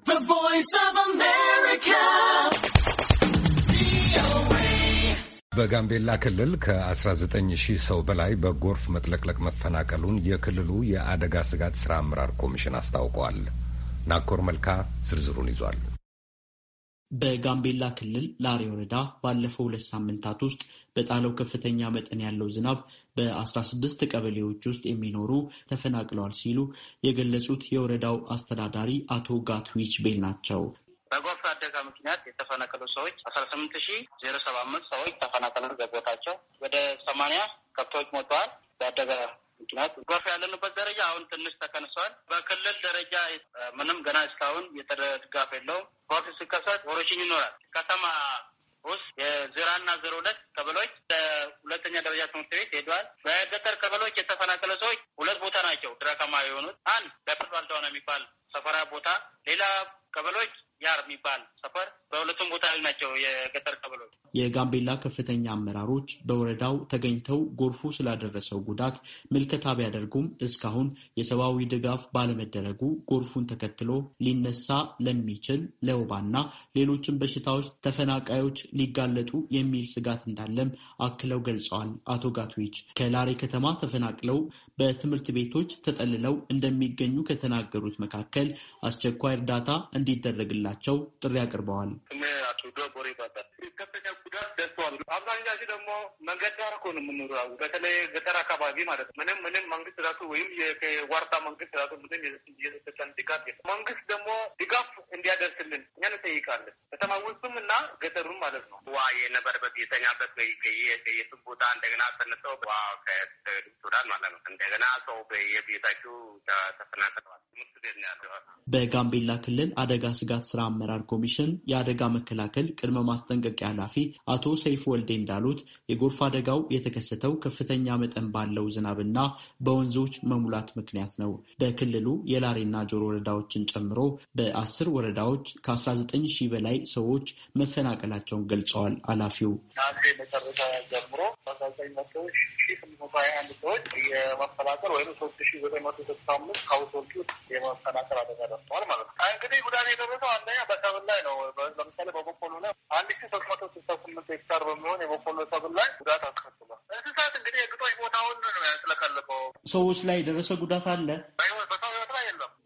The Voice of America. በጋምቤላ ክልል ከ19 ሺህ ሰው በላይ በጎርፍ መጥለቅለቅ መፈናቀሉን የክልሉ የአደጋ ስጋት ስራ አመራር ኮሚሽን አስታውቀዋል። ናኮር መልካ ዝርዝሩን ይዟል። በጋምቤላ ክልል ላሬ ወረዳ ባለፈው ሁለት ሳምንታት ውስጥ በጣለው ከፍተኛ መጠን ያለው ዝናብ በ16 ቀበሌዎች ውስጥ የሚኖሩ ተፈናቅለዋል ሲሉ የገለጹት የወረዳው አስተዳዳሪ አቶ ጋትዊች ቤል ናቸው። በጎርፍ አደጋ ምክንያት የተፈናቀሉ ሰዎች አስራ ስምንት ሺ ዜሮ ሰባ አምስት ሰዎች ተፈናቀሉ። በቦታቸው ወደ ሰማንያ ከብቶች ሞተዋል። በአደጋ ምክንያት ጎፍ ያለንበት ደረጃ አሁን ትንሽ ተቀንሷል። በክልል ደረጃ ምንም ገና እስካሁን ድጋፍ የለውም። ጎፍ ሲከሰት ወረሽኝ ይኖራል። ከተማ ውስጥ የዜሮና ዜሮ ሁለት ቀበሎች ሁለተኛ ደረጃ ትምህርት ቤት ሄደዋል። በገጠር ቀበሎች የተፈናቀለ ሰዎች ሁለት ቦታ ናቸው ድረከማ የሆኑት አንድ በፕል ባልደሆነ የሚባል ሰፈራ ቦታ ሌላ ቀበሎች ያር የሚባል ሰፈር በሁለቱም ቦታ ላይ ናቸው የገጠር ቀበሎች። የጋምቤላ ከፍተኛ አመራሮች በወረዳው ተገኝተው ጎርፉ ስላደረሰው ጉዳት ምልከታ ቢያደርጉም እስካሁን የሰብአዊ ድጋፍ ባለመደረጉ ጎርፉን ተከትሎ ሊነሳ ለሚችል ለወባና ሌሎችም በሽታዎች ተፈናቃዮች ሊጋለጡ የሚል ስጋት እንዳለም አክለው ገልጸዋል። አቶ ጋትዊች ከላሬ ከተማ ተፈናቅለው በትምህርት ቤቶች ተጠልለው እንደሚገኙ ከተናገሩት መካከል አስቸኳይ እርዳታ እንዲደረግላቸው እንዲያጽናናቸው ጥሪ አቅርበዋል። ጉዳት ደርሰዋል። አብዛኞቻችን ደግሞ መንገድ ዳር እኮ ነው የምንኖረው፣ በተለይ ገጠር አካባቢ ማለት ነው። ምንም ምንም መንግስት ራሱ ወይም የዋርታ መንግስት ራሱ ምንም የሰጠን ድጋፍ የለም። መንግስት ደግሞ ድጋፍ እንዲያደርስልን እኛ እንጠይቃለን። ከተማ ውስጡም እና ገጠሩም ማለት ነው። ዋ የነበረበት የተኛበት የሱም ቦታ እንደገና ተነሰው ዋ ከሱዳን ማለት ነው እንደገና ሰው በየቤታችሁ ተፈናቅለዋል። በጋምቤላ ክልል አደጋ ስጋት ስራ አመራር ኮሚሽን የአደጋ መከላከል ቅድመ ማስጠንቀቂያ ኃላፊ አቶ ሰይፍ ወልዴ እንዳሉት የጎርፍ አደጋው የተከሰተው ከፍተኛ መጠን ባለው ዝናብና በወንዞች መሙላት ምክንያት ነው። በክልሉ የላሬና ጆሮ ወረዳዎችን ጨምሮ በአስር ወረዳዎች ከ19 ሺህ በላይ ሰዎች መፈናቀላቸውን ገልጸዋል። ኃላፊው መጨረሻ ጀምሮ ሰዎች የመፈናቀል ወይም ሶስት ሺህ ዘጠኝ መቶ ስልሳ አምስት ሀውሶች የመፈናቀል አደጋ ደርሰዋል ማለት ነው። እንግዲህ ጉዳት የደረሰው አንደኛ በሰብል ላይ ነው። ለምሳሌ ሄክታር በሚሆን የበቆሎ ሰብል ላይ ጉዳት አስከትሏል። እንስሳት እንግዲህ የግጦሽ ቦታውን ነው ያስለቀለቀው። ሰዎች ላይ የደረሰ ጉዳት አለ።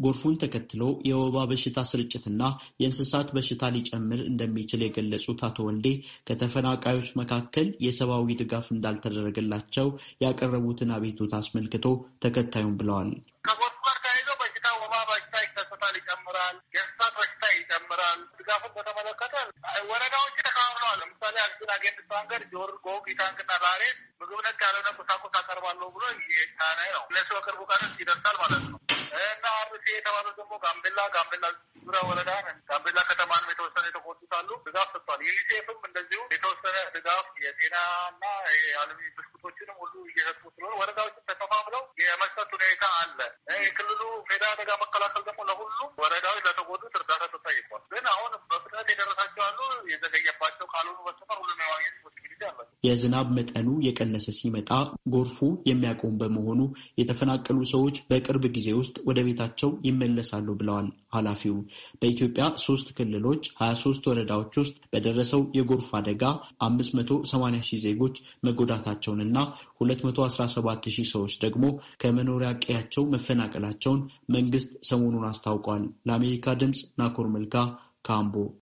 ጎርፉን ተከትሎ የወባ በሽታ ስርጭትና የእንስሳት በሽታ ሊጨምር እንደሚችል የገለጹት አቶ ወልዴ ከተፈናቃዮች መካከል የሰብአዊ ድጋፍ እንዳልተደረገላቸው ያቀረቡትን አቤቱታ አስመልክቶ ተከታዩም ብለዋል። ከጎርፍ ጋር ተያይዞ በሽታ ወባ በሽታ ይከሰታል፣ ይጨምራል፣ የእንስሳት በሽታ ይጨምራል። ድጋፉን በተመለከተ ወረዳዎች ተከባብለዋል። ለምሳሌ አዲሱን አጌንስቶ አንገድ ጆር ጎግ ኢታንክና ዛሬ ምግብ ነክ ያልሆነ ቁሳቁስ አቀርባለሁ ብሎ የቻነ ነው። እነሱ በቅርቡ ቀኖች ይደርሳል ማለት ነው እና አርሲ የተባለ ደግሞ ጋምቤላ ጋምቤላ ዙሪያ ወረዳ ጋምቤላ ከተማንም የተወሰነ የተቆጡት አሉ ድጋፍ ሰጥቷል። ዩኒሴፍም እንደዚሁ የተወሰነ ድጋፍ የጤናና የአለም ብስኩቶችንም ሁሉ እየሰጡ ስለሆነ ወረዳዎች የዘገየባቸው ካልሆኑ በስተቀር ሁሉ የማግኘት ፖሲቢሊቲ አለ። የዝናብ መጠኑ የቀነሰ ሲመጣ ጎርፉ የሚያቆም በመሆኑ የተፈናቀሉ ሰዎች በቅርብ ጊዜ ውስጥ ወደ ቤታቸው ይመለሳሉ ብለዋል ኃላፊው። በኢትዮጵያ ሶስት ክልሎች ሀያ ሶስት ወረዳዎች ውስጥ በደረሰው የጎርፍ አደጋ አምስት መቶ ሰማኒያ ሺህ ዜጎች መጎዳታቸውንና ሁለት መቶ አስራ ሰባት ሺህ ሰዎች ደግሞ ከመኖሪያ ቀያቸው መፈናቀላቸውን መንግስት ሰሞኑን አስታውቋል። ለአሜሪካ ድምፅ ናኮር መልካ ካምቦ